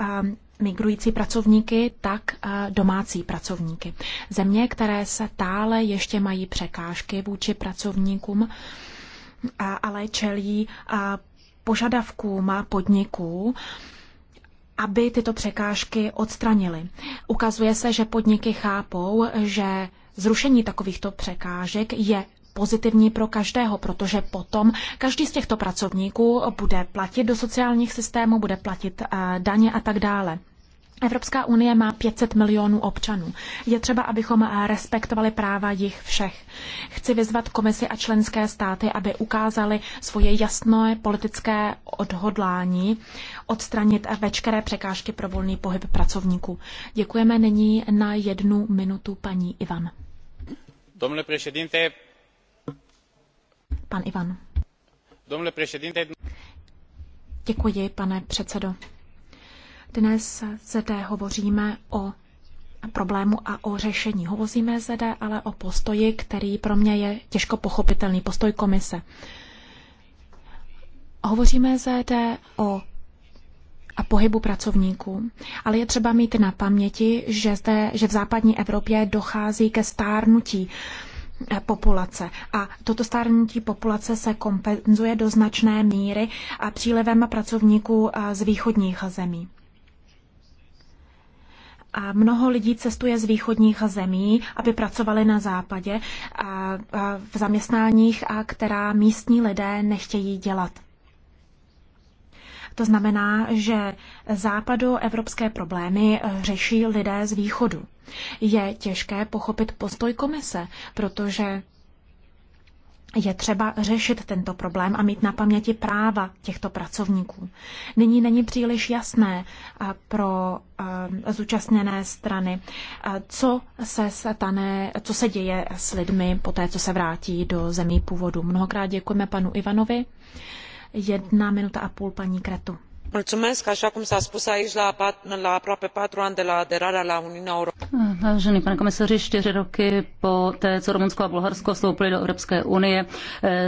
Speaker 3: migrující pracovníky, tak eh, domácí pracovníky. Země, které se tále ještě mají překážky vůči pracovníkům, ale čelí požadavkům podniků, aby tyto překážky odstranili. Ukazuje se, že podniky chápou, že zrušení takovýchto překážek je pozitivní pro každého, protože potom každý z těchto pracovníků bude platit do sociálních systémů, bude platit eh, daně a tak dále. Evropská unie má 500 milionů občanů. Je třeba, abychom respektovali práva jich všech. Chci vyzvat komisi a členské státy, aby ukázali svoje jasné politické odhodlání odstranit veškeré překážky pro volný pohyb pracovníků. Děkujeme nyní na jednu minutu paní Ivan.
Speaker 2: Domnule președinte, Pan Ivan. Domnule președinte,
Speaker 3: Děkuji, pane předsedo. Dnes zde hovoříme o problému a o řešení. Hovoříme zde ale o postoji, který pro mě je těžko pochopitelný, postoj komise. Hovoříme zde o a pohybu pracovníků. Ale je třeba mít na paměti, že, zde, že v západní Evropě dochází ke stárnutí eh, populace. A toto stárnutí populace se kompenzuje do značné míry a přílevem pracovníků eh, z východních zemí a mnoho lidí cestuje z východních zemí, aby pracovali na západě a, a v zaměstnáních, a která místní lidé nechtějí dělat. To znamená, že západu evropské problémy eh, řeší lidé z východu. Je těžké pochopit postoj komise, protože je třeba řešit tento problém a mít na paměti práva těchto pracovníků. Nyní není příliš jasné eh, pro eh, zúčastněné strany, eh, co se stane, co se děje s lidmi po té, co se vrátí do zemí původu. Mnohokrát děkujeme panu Ivanovi. Jedna minuta a půl paní Kretu
Speaker 1: aa cum s a spus
Speaker 3: aici la aproape patru ani de la aderarea la uniunea
Speaker 1: europeană. vážený pane komisaři čtyři roky po co rumunsko a bulharsko vstoupily do evropské unie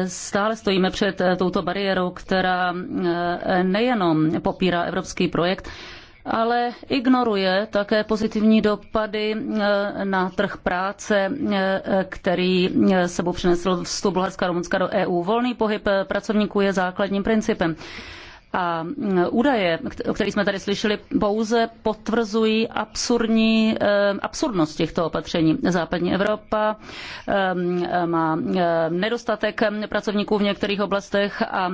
Speaker 1: stále stojíme před touto bariérou která eh, nejenom popírá evropský projekt ale ignoruje také pozitivní dopady eh, na trh práce, eh, který sebou přinesl vstup Bulharska a Rumunska do EU. Volný pohyb pracovníků je základním principem. A údaje, o kterých jsme tady slyšeli, pouze potvrzují absurdní, e, absurdnost těchto opatření. Západní Evropa e, má e, nedostatek pracovníků v některých oblastech a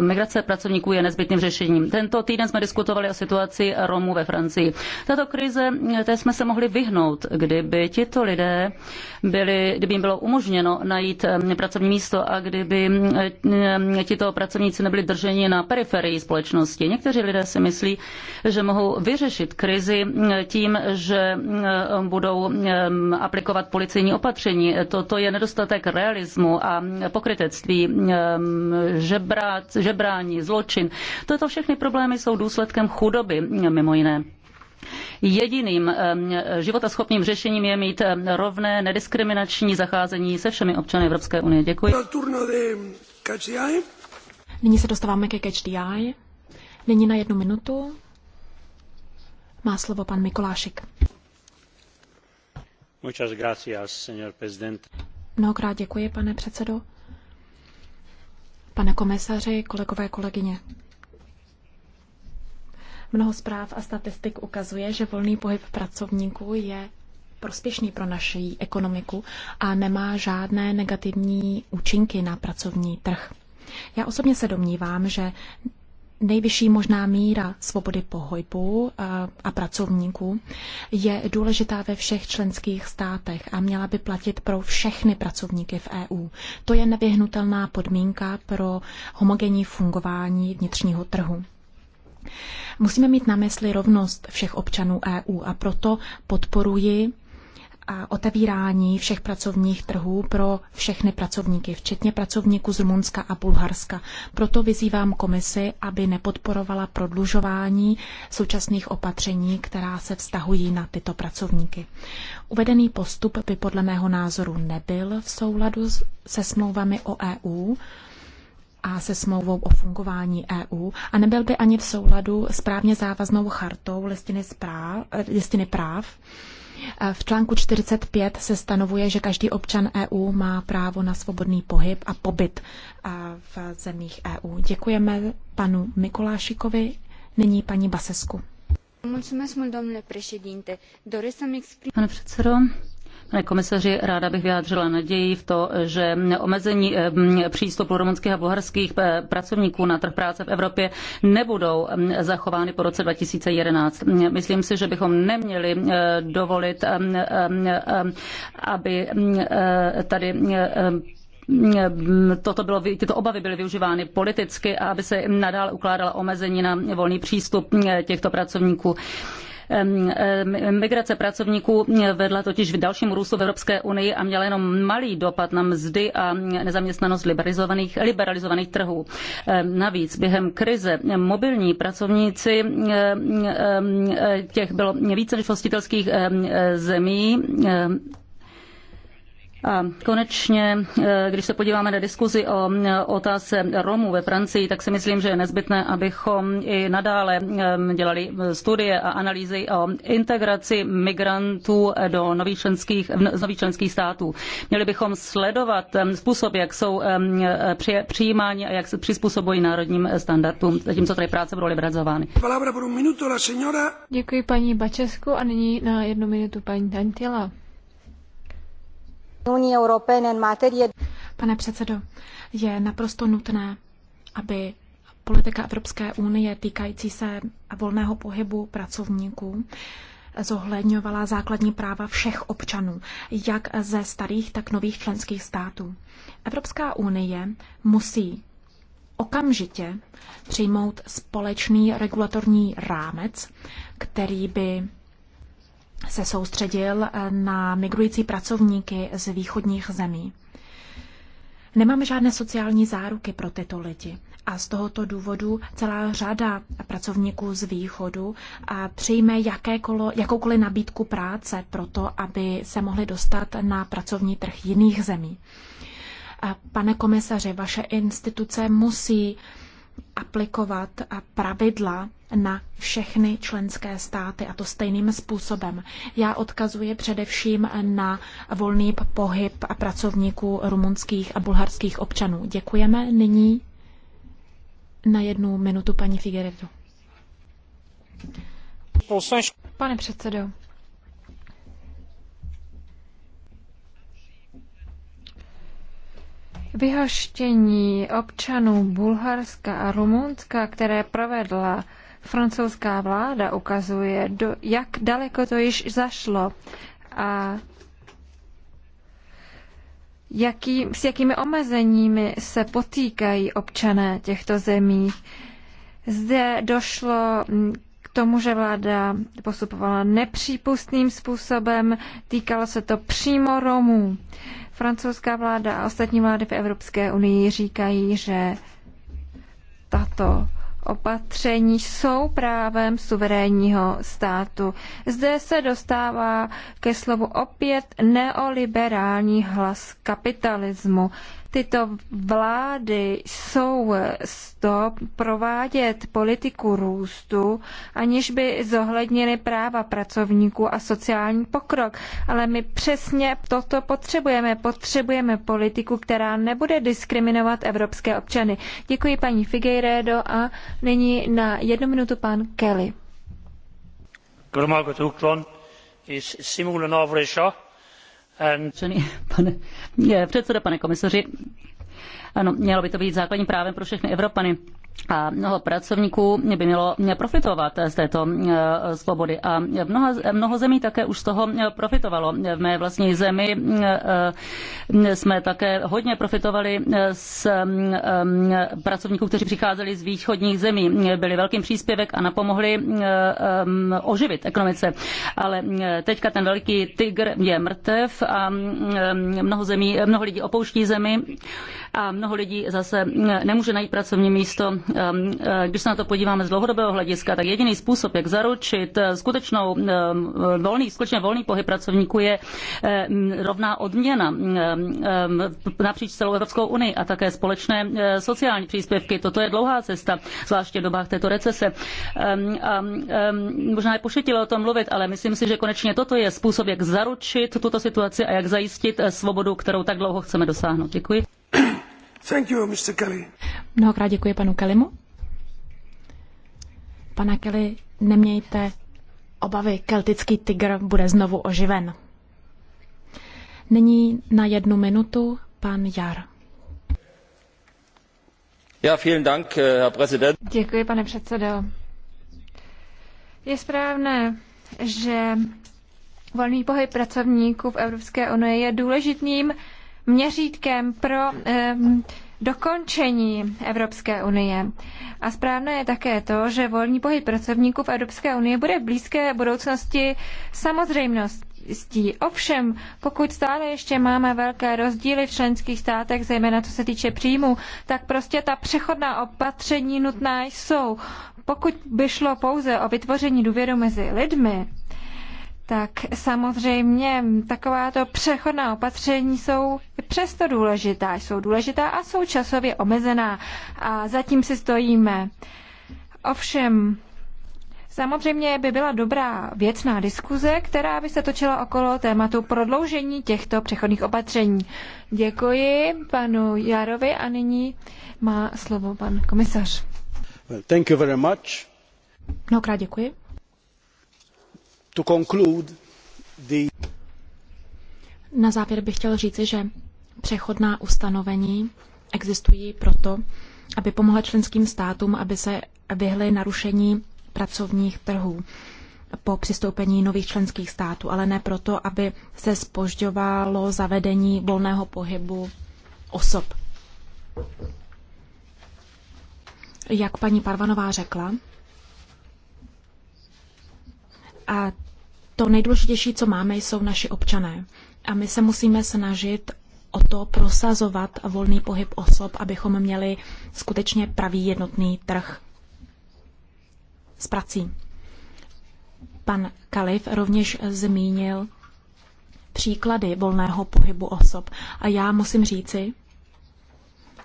Speaker 1: migrace pracovníků je nezbytným řešením. Tento týden jsme diskutovali o situaci Romů ve Francii. Tato krize, té jsme se mohli vyhnout, kdyby tito lidé byli, kdyby jim bylo umožněno najít pracovní místo a kdyby tito pracovníci nebyli drženi na na periferii společnosti. Někteří lidé si myslí, že mohou vyřešit krizi tím, že eh, budou eh, aplikovat policejní opatření. Toto je nedostatek realismu a pokrytectví, eh, žebrát, žebrání, zločin. Toto všechny problémy jsou důsledkem chudoby, mimo jiné. Jediným životaschopným řešením je mít rovné, nediskriminační zacházení se všemi občany Evropské unie. Děkuji.
Speaker 3: Nyní se dostáváme ke Catch the Eye. Nyní na jednu minutu má slovo pan Mikolášik.
Speaker 2: Muchas gracias, señor president.
Speaker 3: Mnohokrát děkuji, pane předsedo. Pane komisaři, kolegové, kolegyně. Mnoho zpráv a statistik ukazuje, že volný pohyb pracovníků je prospěšný pro naši ekonomiku a nemá žádné negativní účinky na pracovní trh. Já osobně se domnívám, že nejvyšší možná míra svobody pohybu eh, a pracovníků je důležitá ve všech členských státech a měla by platit pro všechny pracovníky v EU. To je nevyhnutelná podmínka pro homogenní fungování vnitřního trhu. Musíme mít na mysli rovnost všech občanů EU a proto podporuji otevírání všech pracovních trhů pro všechny pracovníky, včetně pracovníků z Rumunska a Bulharska. Proto vyzývám komisi, aby nepodporovala prodlužování současných opatření, která se vztahují na tyto pracovníky. Uvedený postup by podle mého názoru nebyl v souladu se smlouvami o EU, a se smlouvou o fungování EU a nebyl by ani v souladu s právně závaznou chartou listiny, listiny práv v článku 45 se stanovuje, že každý občan EU má právo na svobodný pohyb a pobyt v zemích EU. Děkujeme panu Mikulášikovi, nyní paní
Speaker 1: Basesku. Pane předsedo, Pane komisaři, ráda bych vyjádřila naději v to, že omezení eh, přístupu rumunských a bulharských eh, pracovníků na trh práce v Evropě nebudou eh, zachovány po roce 2011. Myslím si, že bychom neměli dovolit, aby tady toto bylo, tyto obavy byly využívány politicky a aby se nadále ukládala omezení na volný přístup těchto pracovníků. Migrace pracovníků vedla totiž v dalším růstu v Evropské unii a měla jenom malý dopad na mzdy a nezaměstnanost liberalizovaných, liberalizovaných trhů. Navíc během krize mobilní pracovníci těch bylo více než hostitelských zemí a konečně, eh, když se podíváme na diskuzi o eh, otázce Romů ve Francii, tak si myslím, že je nezbytné, abychom i nadále eh, dělali studie a analýzy o integraci migrantů do nových členských, nových členských států. Měli bychom sledovat způsob, jak jsou přijímáni a jak se přizpůsobují národním standardům, zatímco tady práce budou liberalizovány.
Speaker 2: Děkuji paní Bačesku a nyní na jednu minutu paní Dantila.
Speaker 3: Pane předsedo, je naprosto nutné, aby politika Evropské unie týkající se volného pohybu pracovníků zohledňovala základní práva všech občanů, jak ze starých, tak nových členských států. Evropská unie musí okamžitě přijmout společný regulatorní rámec, který by se soustředil eh, na migrující pracovníky z východních zemí. Nemáme žádné sociální záruky pro tyto lidi a z tohoto důvodu celá řada pracovníků z východu eh, přijme jakoukoliv nabídku práce pro to, aby se mohli dostat na pracovní trh jiných zemí. Eh, pane komisaři, vaše instituce musí aplikovat pravidla na všechny členské státy a to stejným způsobem. Já odkazuji především na volný pohyb a pracovníků rumunských a bulharských občanů. Děkujeme nyní na jednu minutu paní Figueredo. Pane předsedo,
Speaker 2: vyhoštění občanů Bulharska a Rumunska, které provedla francouzská vláda ukazuje, do, jak daleko to již zašlo a jaký, s jakými omezeními se potýkají občané těchto zemí. Zde došlo k tomu, že vláda postupovala nepřípustným způsobem, týkalo se to přímo Romů. Francouzská vláda a ostatní vlády v Evropské unii říkají, že tato opatření jsou právem suverénního státu. Zde se dostává ke slovu opět neoliberální hlas kapitalismu tyto vlády jsou stop provádět politiku růstu, aniž by zohlednili práva pracovníků a sociální pokrok. Ale my přesně toto potřebujeme. Potřebujeme politiku, která nebude diskriminovat evropské občany. Děkuji paní Figueiredo a nyní na jednu minutu pan Kelly. Good morning,
Speaker 1: Pane, eh, předseda, pane komisaři, ano, mělo by to být základním právem pro všechny Evropany a mnoho pracovníků by mělo profitovat z této e, svobody. A mnoho mnoho zemí také už z toho profitovalo. V mé vlastní zemi e, e, jsme také hodně profitovali z pracovníků, kteří přicházeli z východních zemí. Byli velkým příspěvek a napomohli oživit ekonomice. Ale teďka ten velký tygr je mrtev a mnoho, zemí, mnoho lidí opouští zemi a mnoho lidí zase nemůže najít pracovní místo. Um, uh, když se na to podíváme z dlouhodobého hlediska, tak jediný způsob, jak zaručit uh, skutečnou um, uh, volný, skutečně volný pohyb pracovníků je um, rovná odměna napříč celou Evropskou unii a také společné sociální příspěvky. Toto je dlouhá cesta, zvláště v dobách této recese. A možná je pošetilo o tom mluvit, ale myslím si, že konečně toto je způsob, jak zaručit tuto situaci a jak zajistit svobodu, kterou tak dlouho chceme dosáhnout. Děkuji. Thank you, Mr. Kelly.
Speaker 3: Mnohokrát děkuji panu Kellymu. Pana Kelly, nemějte obavy, keltický tygr bude znovu oživen. Nyní na jednu minutu pan Jar.
Speaker 1: Ja, vielen Dank, eh, Herr Präsident.
Speaker 3: Děkuji, pane předsedo.
Speaker 2: Je správné, že volný pohyb pracovníků v Evropské unii je důležitým měřítkem pro dokončení Evropské unie. A správné je také to, že volný pohyb pracovníků v Evropské unii bude v blízké budoucnosti samozřejmostí. Ovšem, pokud stále ještě máme velké rozdíly v členských státech, zejména co se týče příjmů, tak prostě ta přechodná opatření nutná jsou. Pokud by šlo pouze o vytvoření důvěry mezi lidmi, tak samozřejmě takováto přechodná opatření jsou přesto důležitá. Jsou důležitá a jsou časově omezená. A zatím si stojíme. Ovšem, Samozřejmě by byla dobrá věcná diskuze, která by se točila okolo tématu prodloužení těchto přechodných opatření. Děkuji panu Jarovi a nyní má slovo pan komisař.
Speaker 1: Well, thank you very much.
Speaker 2: Mnohokrát děkuji.
Speaker 1: To conclude the...
Speaker 3: Na závěr bych chtěl říci, že Přechodná ustanovení existují proto, aby pomohla členským státům, aby se vyhly narušení pracovních trhů po přistoupení nových členských států, ale ne proto, aby se spožďovalo zavedení volného pohybu osob. Jak paní Parvanová řekla, a to nejdůležitější, co máme, jsou naši občané. A my se musíme snažit o to prosazovat volný pohyb osob, abychom měli skutečně pravý jednotný trh s prací. Pan Kalif rovněž zmínil příklady volného pohybu osob a já musím říci,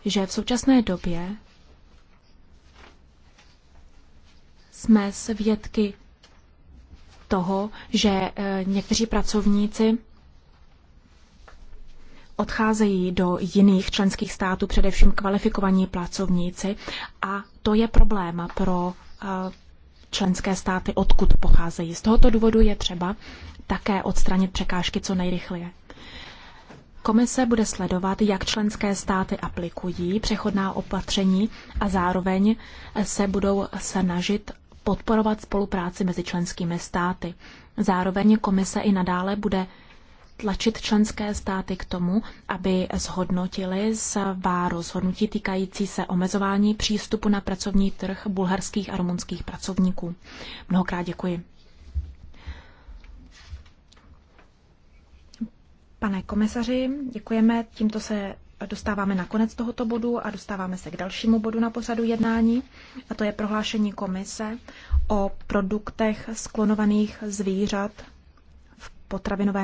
Speaker 3: že v současné době jsme svědky toho, že eh, někteří pracovníci odcházejí do jiných členských států, především kvalifikovaní pracovníci, a to je problém pro eh, členské státy, odkud pocházejí. Z tohoto důvodu je třeba také odstranit překážky co nejrychleji. Komise bude sledovat, jak členské státy aplikují přechodná opatření a zároveň se budou snažit podporovat spolupráci mezi členskými státy. Zároveň komise i nadále bude tlačit členské státy k tomu, aby zhodnotili svá rozhodnutí týkající se omezování přístupu na pracovní trh bulharských a rumunských pracovníků. Mnohokrát děkuji. Pane komisaři, děkujeme. Tímto se dostáváme na konec tohoto bodu a dostáváme se k dalšímu bodu na pořadu jednání, a to je prohlášení komise o produktech sklonovaných zvířat v potravinové